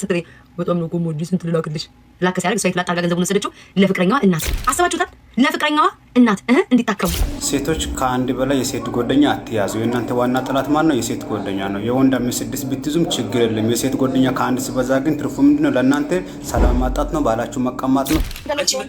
ስትቤ በጣም ነው ጎሞ ስንት ልላክልሽ ላከ ሲያደርግ እሷ የተላጣ አርጋ ገንዘቡን ወሰደችው ለፍቅረኛዋ እናት። አስባችሁታል? ለፍቅረኛዋ እናት እንዲታከሙ። ሴቶች ከአንድ በላይ የሴት ጓደኛ አትያዙ። የእናንተ ዋና ጠላት ማን ነው? የሴት ጓደኛ ነው። የወንድ አምስት ስድስት ብትይዙም ችግር የለም። የሴት ጓደኛ ከአንድ ሲበዛ ግን ትርፉ ምንድን ነው? ለእናንተ ሰላም ማጣት ነው፣ ባላችሁ መቀማት ነው። እኔ ብቻ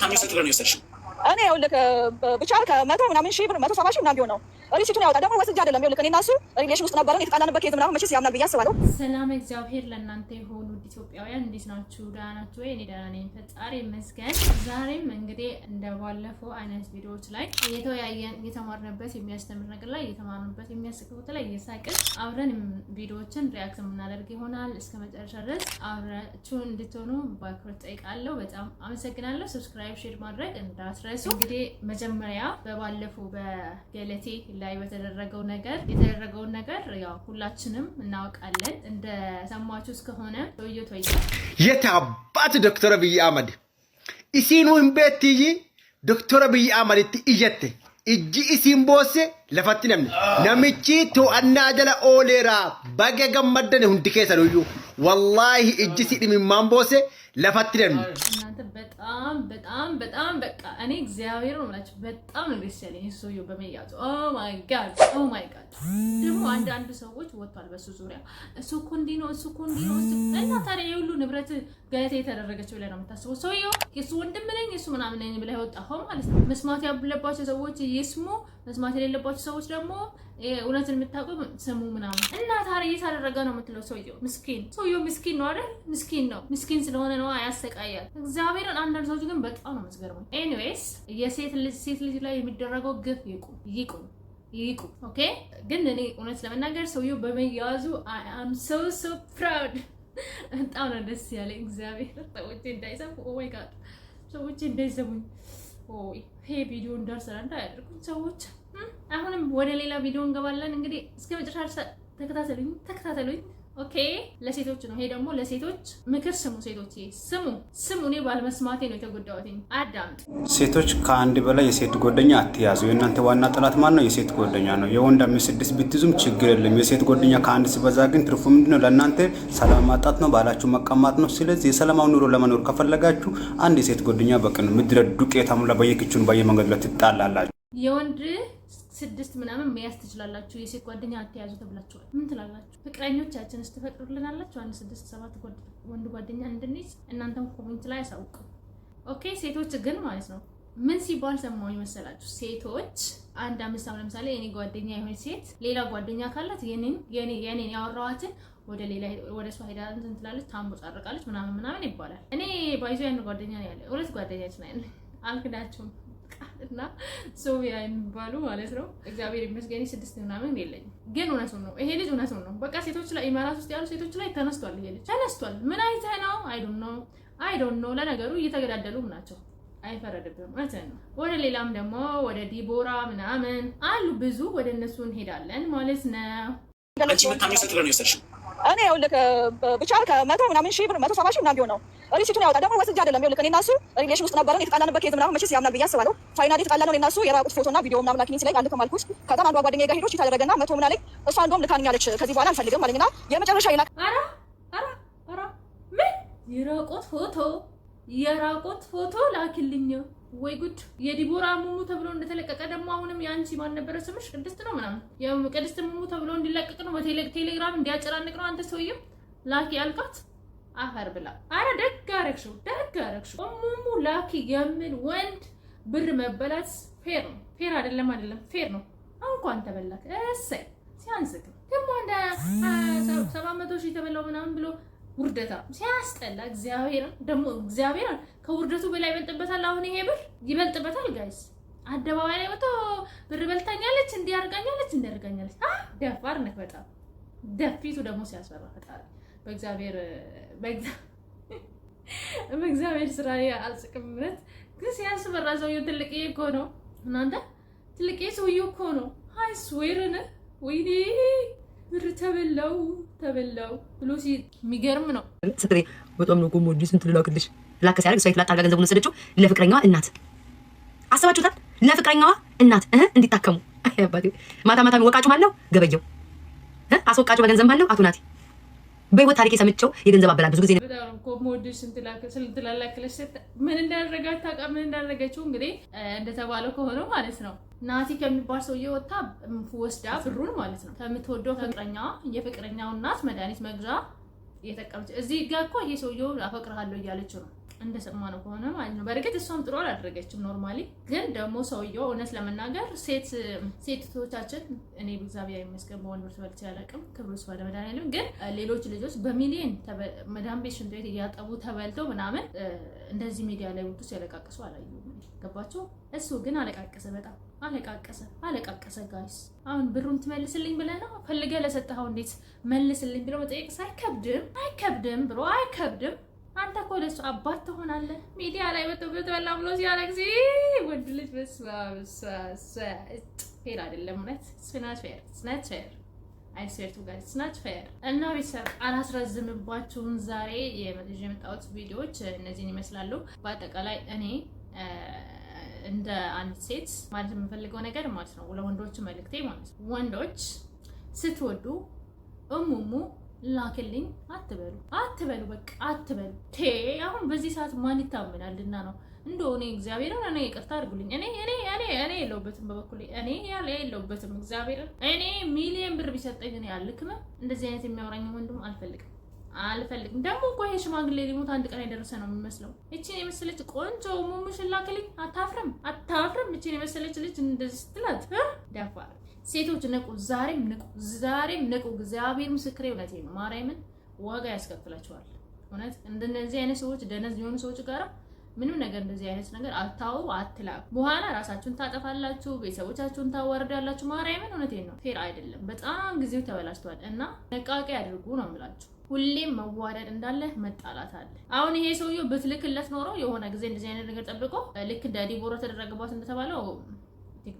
ከመቶ ምናምን ሺህ ብር መቶ ሰባ ሺህ ምናምን ቢሆን ነው ሪሲቱን ያወጣ ደግሞ ወስጃ አይደለም ይልከኔ እና እሱ ሪሌሽን ውስጥ ነበረን የተጣላንበት ኬዝ ምናምን መቼስ ያምናል ብዬ አስባለሁ። ሰላም እግዚአብሔር ለእናንተ የሆኑ ኢትዮጵያውያን እንዴት ናችሁ? ደህና ናችሁ ወይ? እኔ ደህና ነኝ፣ ፈጣሪ ይመስገን። ዛሬም እንግዲህ እንደባለፈው አይነት ቪዲዮዎች ላይ የተወያየን እየተማርንበት የሚያስተምር ነገር ላይ እየተማርንበት የሚያስቀውት ላይ እየሳቅን አብረን ቪዲዮዎችን ሪያክት የምናደርግ ይሆናል። እስከ መጨረሻ ድረስ አብራችሁን እንድትሆኑ በአክብሮት ጠይቃለሁ። በጣም አመሰግናለሁ። ሰብስክራይብ፣ ሼር ማድረግ እንዳትረሱ። እንግዲህ መጀመሪያ በባለፈው በገለቴ ላይ በተደረገው ነገር የተደረገውን ነገር ያው ሁላችንም እናውቃለን። እንደሰማችሁ እስከሆነ ቶዮ ቶዮ የት አባት ዶክተር አብይ አህመድ ኢሲኑ ህንቤትይ ዶክተር አብይ አህመድት እየቴ እጅ እሲን ቦሴ ለፈት ነምን ነምቺ ቶአና ጀለ ኦሌራ በገ ገመደን ሁንድ ኬሰ ኑዩ ወላሂ እጅ ሲድሚማን ቦሴ ለፈት ነምን በጣም በጣም በጣም በቃ እኔ እግዚአብሔር ነው የምላቸው። በጣም ነው ደስ ያለኝ ሰውየው በመያዙ። ኦ ማይ ጋድ ኦ ማይ ጋድ። ደግሞ አንዳንድ ሰዎች ወጥቷል በሱ ዙሪያ እሱ እኮ እንዲህ ነው እሱ እኮ እንዲህ ነው እና ታዲያ የሁሉ ንብረት ገለቴ የተደረገችው ብለህ ነው የምታስበው። ሰውየው የሱ ወንድም ነኝ የሱ ምናምን ነኝ ብለህ የወጣኸው ማለት ነው። መስማት ያለባቸው ሰዎች ይስሙ፣ መስማት የሌለባቸው ሰዎች ደግሞ እውነትን የምታውቀው ስሙ ምናምን እና ታሪ እየታደረገ ነው የምትለው። ሰውየው ምስኪን ሰውየው ምስኪን ነው አይደል? ምስኪን ነው። ምስኪን ስለሆነ ነው ያሰቃያል። እግዚአብሔርን አንዳንድ ሰዎች ግን በጣም ነው መስገርመኝ። ኤኒዌይስ የሴት ልጅ ሴት ልጅ ላይ የሚደረገው ግፍ ይቁም፣ ይቁም ይቁ ኦኬ። ግን እኔ እውነት ለመናገር ሰውየው በመያዙ አም ሶ ሶ ፕራውድ በጣም ነው ደስ ያለኝ። እግዚአብሔር ሰዎች እንዳይሰሙ ወይ ጋ ሰዎች እንዳይሰሙኝ ይሄ ቪዲዮ እንዳልሰራ እንዳያደርጉኝ ሰዎች። አሁንም ወደ ሌላ ቪዲዮ እንገባለን። እንግዲህ እስከ መጨረሻ ተከታተሉኝ ተከታተሉኝ። ኦኬ ለሴቶች ነው ይሄ ደግሞ ለሴቶች ምክር ስሙ ሴቶች ስሙ ስሙ እኔ ባለመስማቴ ነው የተጎዳሁት አዳምጥ። ሴቶች ከአንድ በላይ የሴት ጓደኛ አትያዙ የእናንተ ዋና ጠላት ማን ነው የሴት ጓደኛ ነው የወንድ አምስት ስድስት ብትይዙም ችግር የለም የሴት ጓደኛ ከአንድ ሲበዛ ግን ትርፉ ምንድነው ለእናንተ ሰላም ማጣት ነው ባላችሁ መቀማት ነው ስለዚህ የሰላማዊ ኑሮ ለመኖር ከፈለጋችሁ አንድ የሴት ጓደኛ በቂ ነው ምድረ ዱቄታሙላ በየክችን በየመንገዱ ላይ ትጣላላችሁ የወንድ ስድስት ምናምን መያዝ ትችላላችሁ። የሴት ጓደኛ አትያዙ ተብላችኋል። ምን ትላላችሁ? ፍቅረኞቻችን ትፈቅዱልናላችሁ? አንድ ስድስት ሰባት ወንድ ጓደኛ እንድንይዝ እናንተም ኮሜንት ላይ ያሳውቁ። ኦኬ ሴቶች ግን ማለት ነው ምን ሲባል ሰማሁኝ መሰላችሁ? ሴቶች አንድ አምስት አሁን ለምሳሌ የኔ ጓደኛ የሆነች ሴት ሌላ ጓደኛ ካላት የኔን ያወራዋትን ወደ ሌላ ወደ እሷ ሄዳ እንትን ትላለች፣ ታንቦጫርቃለች ምናምን ምናምን ይባላል። እኔ ባይዞ ያን ጓደኛ ያለ ሁለት ጓደኛችን አለ አልክዳችሁም እና ሶቪያ የሚባሉ ማለት ነው። እግዚአብሔር ይመስገን ስድስት ምናምን የለኝም፣ ግን እውነቱን ነው። ይሄ ልጅ እውነቱን ነው። በቃ ሴቶች ላይ ኢማራት ውስጥ ያሉ ሴቶች ላይ ተነስቷል። ይሄ ልጅ ተነስቷል። ምን አይተህ ነው? አይዶን ነው አይዶን ነው። ለነገሩ እየተገዳደሉም ናቸው። አይፈረድብም። ማለት ነው። ወደ ሌላም ደግሞ ወደ ዲቦራ ምናምን አሉ ብዙ። ወደ እነሱ እንሄዳለን ማለት ነው። አንቺ እኔ ብቻ ከመቶ ምናምን ሺህ ብር መቶ ሰባ ሺህ ምናምን ቢሆን ነው ሪሲቱን ያወጣል። ደግሞ ወስጄ አይደለም ይኸውልህ፣ እኔና እሱ ሪሌሽን ውስጥ ነበረን። የተጣላንበት ኬዝ ምናምን መቼስ ያምናል ብዬ አስባለሁ። ፋይናል የተጣላ ነው እኔና እሱ የራቁት ፎቶና ቪዲዮ ምናምን ላኪኝ ላይ አልክም አልኩት። ከዛም አንዷ ጓደኛዬ ጋር ሄዶ ቺት አደረገና መቶ ምን አለኝ። እሷ እንደውም ልካኛለች ከዚህ በኋላ አልፈልግም አለኝና የመጨረሻ ይላክ አራ አራ አራ ምን የራቁት ፎቶ የራቁት ፎቶ ላክልኝ ወይ ጉድ! የዲቦራ ሙሙ ተብሎ እንደተለቀቀ ደግሞ አሁንም የአንቺ ማን ነበረ ስምሽ? ቅድስት ነው ምናምን ያው ቅድስት ሙሙ ተብሎ እንዲለቀቅ ነው በቴሌግራም እንዲያጨራንቅ ነው። አንተ ሰውዬው ላኪ አልካት። አፈር ብላ። አረ ደግ አረግሽው፣ ደግ አረግሽው። ሙሙ ላኪ የሚል ወንድ ብር መበላት ፌር ነው። ፌር አይደለም አይደለም፣ ፌር ነው። እንኳን ተበላክ እሰይ። ሲያንስክ ደግሞ እንደ ሰባት መቶ ሺህ ተበላው ምናምን ብሎ ውርደታ ሲያስጠላ። እግዚአብሔር ደግሞ እግዚአብሔር ከውርደቱ በላይ ይበልጥበታል። አሁን ይሄ ብር ይበልጥበታል። ጋይስ አደባባይ ላይ ወጥቶ ብር በልታኛለች፣ እንዲያርጋኛለች፣ እንዲያርጋኛለች። ደፋር ነክ በጣም ደፊቱ ደግሞ ሲያስፈራ ፈጣሪ በእግዚአብሔር በእግዚአብሔር ስራ አልጽቅም። እውነት ግን ሲያስፈራ ሰውዬው ትልቅዬ እኮ ነው እናንተ፣ ትልቅ ሰውዬው እኮ ነው። አይ ስዌርን ወይኔ ብር ተበላው ተበላው ብሎ የሚገርም ነው። ስትሬ በጣም ነው ጎሞ ዲስን ትልላክልሽ ላከ ሲያደርግ እሷ ላጣ አድርጋ ገንዘቡን ወሰደችው ለፍቅረኛዋ እናት። አሰባችሁታል። ለፍቅረኛዋ እናት እህ እንዲታከሙ አባቴ ማታ ማታ ወቃጩ ማለው ገበየው አስወቃጩ በገንዘብ ማለው አቶ ናቴ በህይወት ታሪክ የሰምቸው የገንዘብ አበላል ብዙ ጊዜ ምን እንዳደረጋት ታውቃ ምን እንዳደረገችው እንግዲህ እንደተባለው ከሆነ ማለት ነው። ናቲ ከሚባል ሰው እየወጣ ወስዳ ብሩን ማለት ነው ከምትወደው ፍቅረኛ የፍቅረኛው እናት መድኃኒት መግዛ እየጠቀመች እዚህ ጋር እኮ ይሄ ሰውዬው አፈቅርሃለሁ እያለችው ነው እንደሰማነው ከሆነ ማለት ነው። በእርግጥ እሷም ጥሩ አላደረገችም። ኖርማሊ ግን ደግሞ ሰውየው እውነት ለመናገር ሴት ሴቶቻችን እኔ እግዚአብሔር ይመስገን በወንዶች በልቼ አላውቅም፣ ክብሩ ይስፋ ለመድኃኒዓለም። ግን ሌሎች ልጆች በሚሊየን መዳን ቤት ሽንት ቤት እያጠቡ ተበልተው ምናምን እንደዚህ ሚዲያ ላይ ወጡ ሲያለቃቅሱ አላዩ። ገባቸው። እሱ ግን አለቃቀሰ፣ በጣም አለቃቀሰ፣ አለቃቀሰ። ጋይስ አሁን ብሩን ትመልስልኝ ብለህ ነው ፈልገህ ለሰጠኸው እንዴት መልስልኝ ብሎ መጠየቅ አይከብድም፣ አይከብድም ብሎ አይከብድም አንተ እኮ ለሱ አባት ትሆናለህ። ሚዲያ ላይ ወጥብት በላ ብሎ ሲያለቅስ ወንድ ልጅ ፌር አይደለም። እውነት ስናት ፌር ስናት ፌር አይስዌርቱ ጋር ስናት ፌር እና ቤተሰብ አላስረዝምባችሁም። ዛሬ የመጠዥ የመጣሁት ቪዲዮዎች እነዚህን ይመስላሉ። በአጠቃላይ እኔ እንደ አንድ ሴት ማለት የምፈልገው ነገር ማለት ነው ለወንዶች መልእክቴ ማለት ነው ወንዶች ስትወዱ እሙሙ ላክልኝ አትበሉ አትበሉ በቃ አትበሉ። ቴ አሁን በዚህ ሰዓት ማን ይታመናልና ነው? እንደው እኔ እግዚአብሔርን እኔ ይቅርታ አድርጉልኝ። እኔ እኔ እኔ እኔ የለውበትም በበኩሌ እኔ ያለ የለውበትም እግዚአብሔርን እኔ ሚሊየን ብር ቢሰጠኝ እኔ አልክም። እንደዚህ አይነት የሚያወራኝ ወንድም አልፈልግም አልፈልግም። ደግሞ እኮ ይሄ ሽማግሌ ሊሞት አንድ ቀን የደረሰ ነው የሚመስለው። እቺን የመሰለች ቆንጆ ሙሙሽን ላክልኝ። አታፍርም አታፍርም? እቺን የመሰለች ልጅ እንደዚህ ስትላት ደፋር ሴቶች ንቁ፣ ዛሬም ንቁ፣ ዛሬም ንቁ። እግዚአብሔር ምስክሬ፣ እውነቴ ነው። ማርያምን ዋጋ ያስከፍላቸዋል። እውነት እንደነዚህ አይነት ሰዎች ደነዝ የሆኑ ሰዎች ጋራ ምንም ነገር እንደዚህ አይነት ነገር አታውሩ፣ አትላኩ። በኋላ ራሳችሁን ታጠፋላችሁ፣ ቤተሰቦቻችሁን ታዋርዳላችሁ። ማርያምን እውነቴን ነው፣ ፌር አይደለም። በጣም ጊዜው ተበላሽቷል እና ጥንቃቄ አድርጉ ነው የምላችሁ። ሁሌም መዋደድ እንዳለ መጣላት አለ። አሁን ይሄ ሰውዬው ብትልክለት ኖሮ የሆነ ጊዜ እንደዚህ አይነት ነገር ጠብቆ ልክ እንደ ዲቦራ ተደረገባት እንደተባለው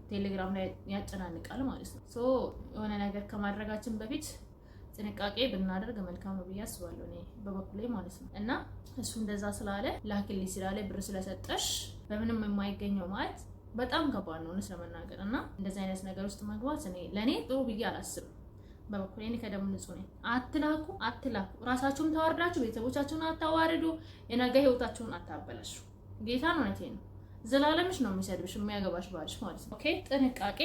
ቴሌግራም ላይ ያጨናንቃል ማለት ነው። ሶ የሆነ ነገር ከማድረጋችን በፊት ጥንቃቄ ብናደርግ መልካም ነው ብዬ አስባለሁ፣ እኔ በበኩሌ ማለት ነው። እና እሱ እንደዛ ስላለ ላክልኝ ስላለ ብር ስለሰጠሽ በምንም የማይገኘው ማለት በጣም ከባድ ነው ስለመናገር እና እንደዚህ አይነት ነገር ውስጥ መግባት እኔ ለእኔ ጥሩ ብዬ አላስብም። በበኩሌ እኔ ከደም ንጹህ ነኝ። አትላኩ፣ አትላኩ። ራሳችሁም ታዋርዳችሁ ቤተሰቦቻችሁን አታዋርዱ። የነገ ህይወታችሁን አታበላሹ። ጌታ ነው እውነቴ ነው። ዘላለምሽ ነው የሚሰድብሽ የሚያገባሽ ባልሽ ማለት ነው። ኦኬ ጥንቃቄ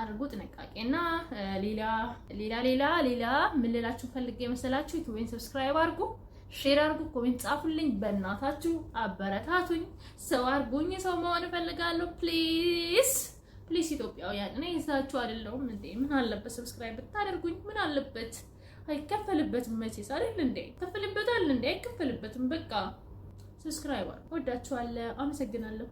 አድርጉ ጥንቃቄ። እና ሌላ ሌላ ሌላ ሌላ ምን ልላችሁ ፈልጌ የመሰላችሁ ዩቲዩብን ሰብስክራይብ አድርጉ፣ ሼር አድርጉ፣ ኮሜንት ጻፉልኝ። በእናታችሁ አበረታቱኝ፣ ሰው አድርጉኝ። ሰው መሆን እፈልጋለሁ። ፕሊዝ ፕሊዝ ኢትዮጵያውያን፣ እኔ ይዛችሁ አይደለሁም እንዴ? ምን አለበት ሰብስክራይብ ብታደርጉኝ? ምን አለበት? አይከፈልበትም መቼስ አይደል እንዴ? ይከፈልበታል እንዴ? አይከፈልበትም በቃ ሰብስክራይብ ወዳችኋለሁ። አመሰግናለሁ።